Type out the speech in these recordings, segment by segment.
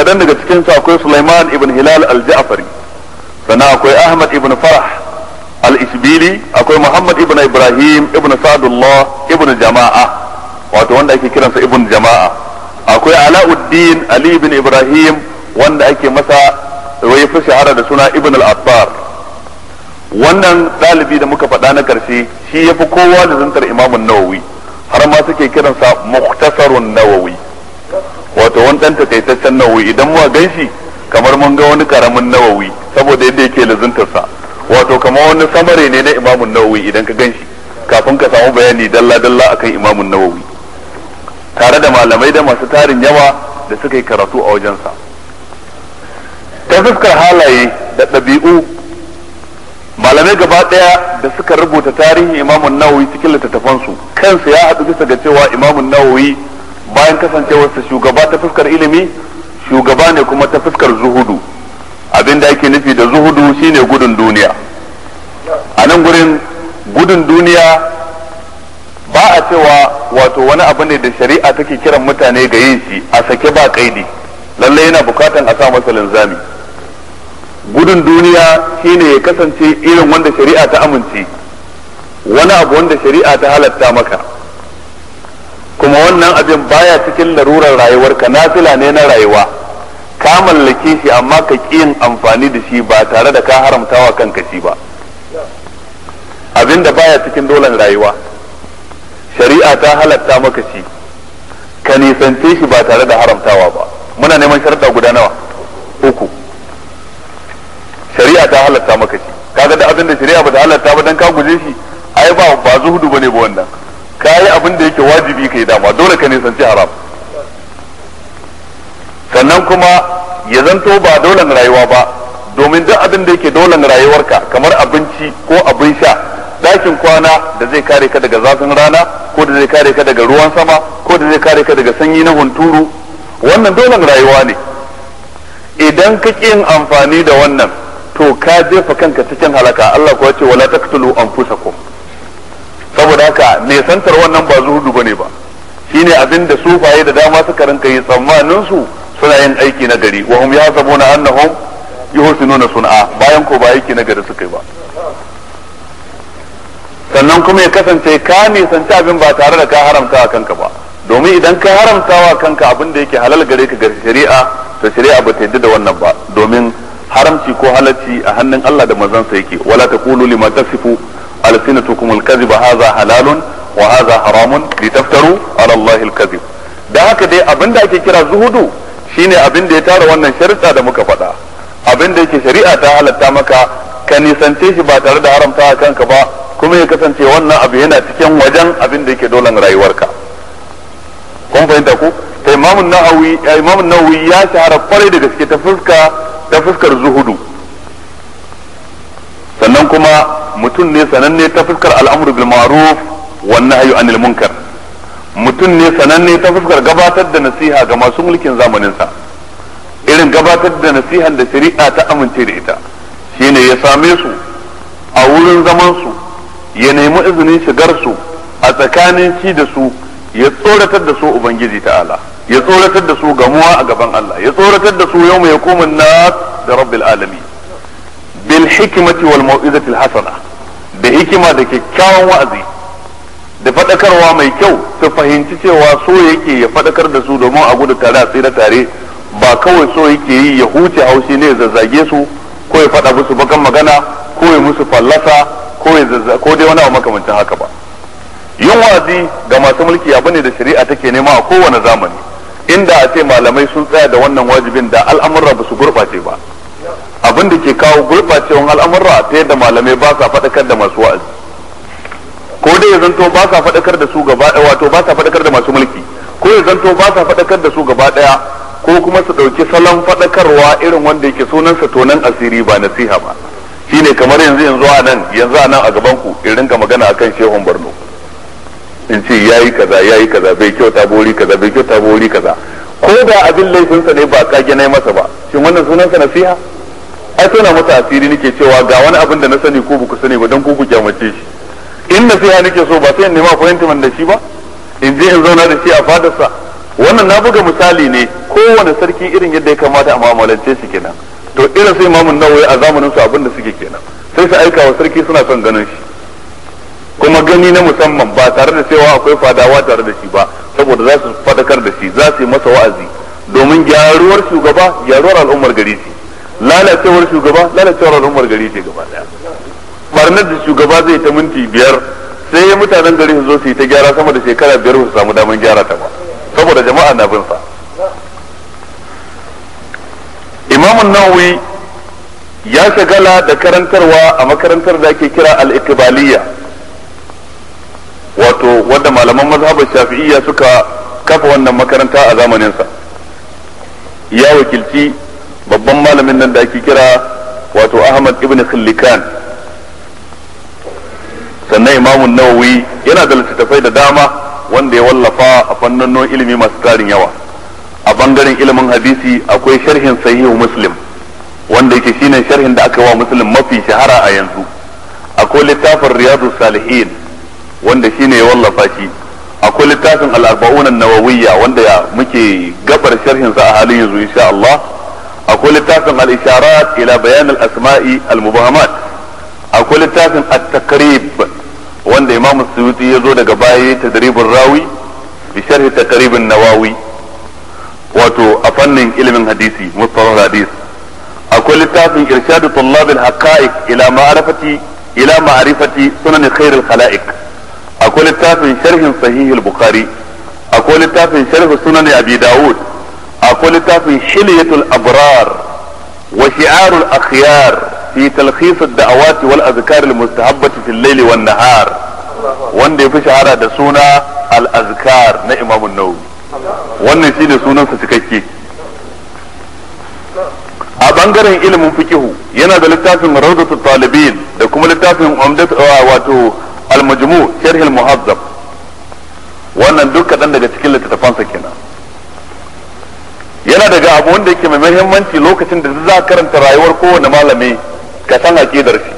kadan daga cikin su akwai Sulaiman ibn Hilal al-Ja'fari sannan akwai Ahmad ibn Farah al-Isbili akwai Muhammad ibn Ibrahim ibn Sadullah ibn Jama'a wato wanda ake kiransa ibn Jama'a akwai Alauddin Ali ibn Ibrahim wanda ake masa wai fi shahara da suna ibn al-Attar wannan ɗalibi da muka faɗa na ƙarshe shi ya fi kowa da zantar imamun nawawi har ma suke kiransa muktasarun nawawi wato wani dan takaitaccen nawawi idan muka ganshi kamar mun ga wani karamin nawawi saboda yadda yake lazuntarsa wato kamar wani samare ne na imamun nawawi idan ka ganshi kafin ka samu bayani dalla dalla akan imamun nawawi tare da malamai da masu tarin yawa da suka yi karatu a wajensa ta fuskar halaye da ɗabi'u malamai gaba ɗaya da suka rubuta tarihin imamun nawawi cikin littattafansu kansu ya haɗu bisa ga cewa imamun nawawi bayan kasancewarsa shugaba ta fuskar ilimi shugaba ne kuma ta fuskar zuhudu abin da ake nufi da zuhudu shine gudun duniya a nan gurin gudun duniya ba a cewa wato wani abu ne da shari'a take kiran mutane ga yin shi a sake ba kaidi lallai yana bukatan a sa masa linzami gudun duniya shine ya kasance irin wanda shari'a ta amince wani abu wanda shari'a ta halatta maka kuma wannan abin baya cikin larurar rayuwar ka nafila ne na rayuwa ka mallake shi amma ka yin amfani da shi ba tare da ka haramtawa kanka shi ba abin da baya cikin dolan rayuwa shari'a ta halatta maka shi ka nisance shi ba tare da haramtawa ba muna neman sharda guda nawa uku shari'a ta halatta maka shi kaga da abin da shari'a ba ta halatta ba dan ka guje shi ai ba ba zuhudu bane ba wannan ka yi abin da yake wajibi ka yi dama dole ka nisanci haram sannan kuma ya zanto ba dolan rayuwa ba domin duk abin da yake dolan rayuwarka kamar abinci ko abin sha ɗakin kwana da zai kare ka daga zafin rana ko da zai kare ka daga ruwan sama ko da zai kare ka daga sanyi na hunturu wannan dolan rayuwa ne idan ka ƙi yin amfani da wannan to ka jefa kanka cikin halaka Allah kuwa ce wala taqtulu anfusakum saboda haka nesantar wannan ba zuhudu bane ba shine abin da sufaye da dama suka rinka yi tsammanin su suna yin aiki na gari wa hum yahsabuna annahum yuhsinuna sun'a bayan ko ba aiki na gari suka yi ba sannan kuma ya kasance ka ne nisanci abin ba tare da ka haramta a kanka ba domin idan ka haramta wa kanka abin da yake halal gare ka ga shari'a to shari'a ba ta yadda da wannan ba domin haramci ko halacci a hannun Allah da manzansa yake wala taqulu lima tasifu alsinatukum alkaziba hadha halalun wa hadha haramun litaftaru ala allahi alkazib da haka dai abinda ake kira zuhudu shine abin da ya tara wannan shariɗa da muka faɗa abin da yake shari'a ta halatta maka ka nisance shi ba tare da haramta a kanka ba kuma ya kasance wannan abu yana cikin wajen abin da yake dolan rayuwarka kun fahimta ku ta imamun nawawi imamun ya shahara kwarai da gaske ta fuska ta fuskar zuhudu sannan kuma mutum ne sananne ta fuskar al'amru bil ma'ruf wan nahyu anil munkar mutum ne sananne ta fuskar gabatar da nasiha ga masu mulkin zamanin sa irin gabatar da nasihan da shari'a ta amince da ita shine ya same su a wurin zaman su ya nemi izinin shigar su a tsakanin shi da su ya tsoratar da su ubangiji ta'ala ya tsoratar da su gamuwa a gaban Allah ya tsoratar da su yau mai hukumin nas da rabbil alamin bil hikmati wal mau'izati al hasana da hikima da kyakkyawan wa'azi da faɗakarwa mai kyau su fahimci cewa so yake ya faɗakar da su domin a gudu tare a tsira tare ba kawai so yake yi ya huce haushi ne ya zazzage su ko ya faɗa musu bakan magana ko ya musu fallasa ko dai wani abu makamancin haka ba yin wa'azi ga masu mulki abu ne da shari'a take nema a kowane zamani inda a ce malamai sun tsaya da wannan wajibin da al'amurra ba su gurɓace ba abin da ke kawo gurɓacewan al'amurra ta yadda malamai ba sa faɗakar da masu wa'azi ko dai ya zanto ba sa faɗakar da su gaba ɗaya wato ba sa faɗakar da masu mulki ko ya zanto ba sa faɗakar da su gaba ɗaya ko kuma su ɗauki salon faɗakarwa irin wanda yake sunansa tonan asiri ba nasiha ba shine kamar yanzu yanzu a nan yanzu a nan a gaban ku in rinka magana akan shehun Borno in ce yayi kaza yayi kaza bai kyauta bori kaza bai kyauta bori kaza ko da abin laifinsa ne ba kage nai masa ba shin wannan sunansa nasiha ai na masa asiri nake cewa ga wani abin da na sani ko buku sani ba dan ku ku kyamace shi in na sai nake so ba sai in nema appointment da shi ba in je in zauna da shi a fadarsa wannan na buga misali ne kowane sarki irin yadda ya kamata a mu'amalance shi kenan to irin sai imamun nawawi a zamanin su abin da suke kenan sai su aika wa sarki suna son ganin shi kuma gani na musamman ba tare da cewa akwai fadawa tare da shi ba saboda za su fadakar da shi za su yi masa wa'azi domin gyaruwar shugaba gyaruwar al'ummar gari ce lalacewar shugaba lalacewar al'ummar gari ce gaba daya barnar da shugaba zai ta minti biyar sai ya mutanen gari su zo su yi ta gyara sama da shekara biyar su samu damar gyara ta ba saboda jama'a na bin sa imamun nawawi ya shagala da karantarwa a makarantar da ake kira al-iqbaliyya wato wadda malaman mazhabar shafi'iyya suka kafa wannan makaranta a zamaninsa ya wakilci babban malamin nan da ake kira wato Ahmad ibn Khillikan sannan Imam Nawawi yana da littattafai da dama wanda ya wallafa a fannonin ilimi masu tarin yawa a bangaren ilimin hadisi akwai sharhin sahihu Muslim wanda yake shine sharhin da aka wa Muslim mafi shahara a yanzu akwai littafin Riyadu Salihin wanda shine ya wallafa shi akwai littafin al-arba'un an-nawawiyya wanda muke gabar sharhin sa a halin yanzu insha Allah akwai littafin al-isharat ila bayan asmai al a akwai littafin at-taqrib wanda imam suyuti ya zo daga baya tadribin rawi bi sharhi taqribin nawawi wato a fannin ilimin hadisi mustalah hadis akwai littafin irshadu tullab al-haqa'iq ila ma'rifati ila ma'rifati sunan khair al-khalaiq akwai littafin sharhin sahih al-bukhari akwai littafin sharh sunan abi dawud akwai littafin shiliyatul abrar wa shi'arul akhyar fi talkhis ad-da'awati wal azkar al-mustahabbati fil layli wan nahar shahara da suna al-azkar na Imam an-Nawawi wannan ne sunansa cikakke a bangaren ilimin fikihu yana da littafin rawdatu talibin da kuma littafin umdat wato almajmu majmu muhazzab wannan duk kadan daga cikin littafansa kenan yana daga abu wanda yake mai muhimmanci lokacin da za karanta rayuwar kowane malami ka san aqidar shi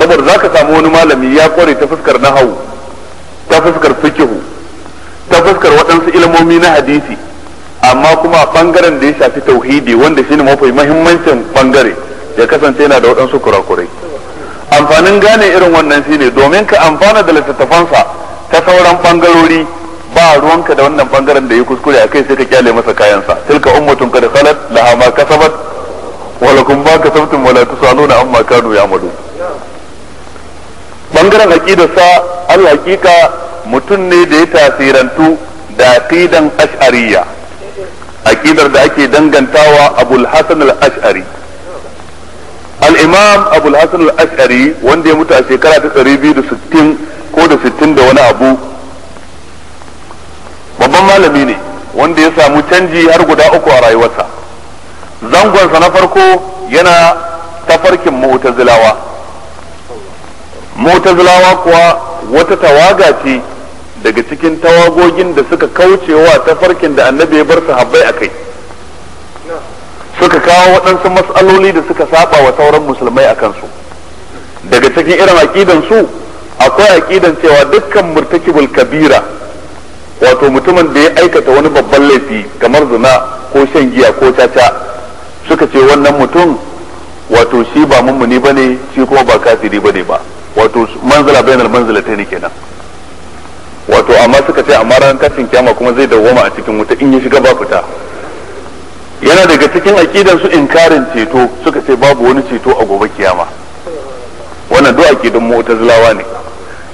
saboda za ka samu wani malami ya kware ta fuskar nahawu ta fuskar fikihu ta fuskar waɗansu ilmomi na hadisi amma kuma a bangaren da ya shafi tauhidi wanda shine mafi muhimmancin ɓangare ya kasance yana da waɗansu kurakurai amfanin gane irin wannan shine domin ka amfana da littattafansa ta sauran bangarori ba ruwanka da wannan bangaren da ya kuskure a kai sai ka kyale masa kayansa tilka ummatun qad khalat laha ma kasabat wa lakum ma kasabtum wa la tusaluna amma kanu ya'malu bangaren aqidarsa al haqiqa mutum ne da ya tasirantu da aqidan ash'ariyya aqidar da ake dangantawa abul hasan al ash'ari al-imam abul hasan al ash'ari wanda ya mutu a shekara ta 260 ko da 60 da wani abu malami ne wanda ya samu canji har guda uku a rayuwarsa zangonsa na farko yana tafarkin mu'tazilawa mu'tazilawa kuwa wata tawaga ce daga cikin tawagogin da suka kaucewa tafarkin da annabi ya bar sahabbai a kai suka kawo waɗansu matsaloli da suka saba wa sauran musulmai a kansu daga cikin irin aƙidan akwai aƙidan cewa dukkan murtakibul kabira wato mutumin da ya aikata wani babban laifi kamar zina ko shan giya ko caca suka ce wannan mutum wato shi ba mummuni bane shi kuma ba kafiri bane ba wato manzala bainal ne kenan wato amma suka ce amma ran kafin kiyama kuma zai dawoma a cikin wuta in ya shiga ba fita yana daga cikin aqidan su inkarin ceto suka ce babu wani ceto a gobe kiyama wannan duk aqidan mu'tazilawa ne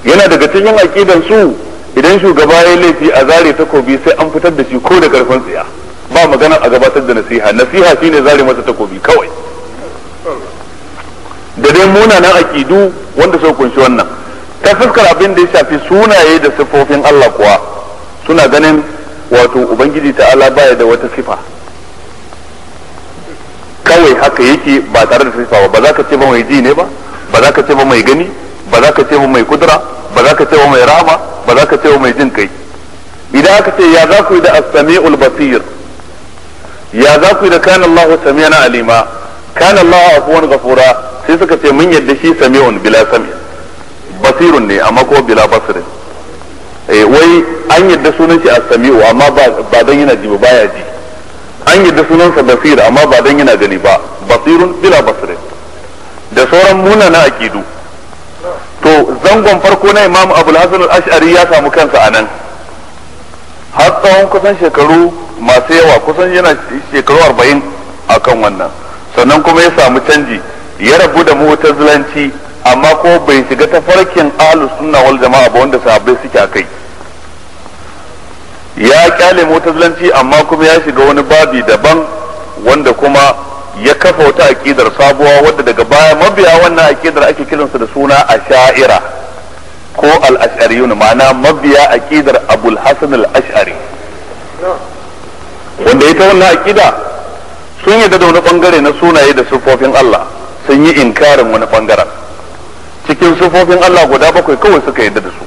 yana daga cikin aqidan su idan shugaba ya laifi a zare takobi sai an fitar da shi ko da karfin tsiya ba magana a gabatar da nasiha nasiha shine zare masa takobi kawai da dai munanan akidu wanda suka kunshi wannan ta fuskar abin da ya shafi sunaye da siffofin Allah kuwa suna ganin wato ubangiji ta ta'ala baya da wata sifa kawai haka yake ba tare da sifa ba ba za ka ce ba mai ji ne ba ba za ka ce ba mai gani ba za ka ce ba mai kudura ba za ka ce ba mai rahama ba za ka ce wa mai jin kai idan aka ce ya za ku yi da as-sami'ul basir ya za ku yi da kana Allahu sami'an alima kana Allahu afuwan ghafura sai suka ce mun yadda shi sami'un bila sami basirun ne amma ko bila basirin eh wai an yadda sunan shi as amma ba dan yana ji ba baya ji an yadda sunan sa basir amma ba dan yana gani ba basirun bila basirin da sauran munana aqidu to zangon farko na imamu abu hasan al'ashari ashari ya samu kansa a nan har tsawon kusan shekaru masu yawa kusan yana shekaru arba'in a kan wannan sannan kuma ya samu canji ya rabu da zulanci amma ko bai shiga tafarkin alus suna wal jama'a ba wanda sahabbai suke a kai. ya kyale zulanci amma kuma ya shiga wani babi daban wanda kuma ya kafa wata aƙidar sabuwa wadda daga baya mabiya wannan aƙidar ake kiransa da suna asha'ira ko al-ash'ariyun ma'ana mabiya aƙidar abul hasan al-ash'ari wanda ita wannan aƙida sun yarda da wani bangare na sunaye da sufofin Allah sun yi inkarin wani bangaren cikin sufofin Allah guda bakwai kawai suka yarda da su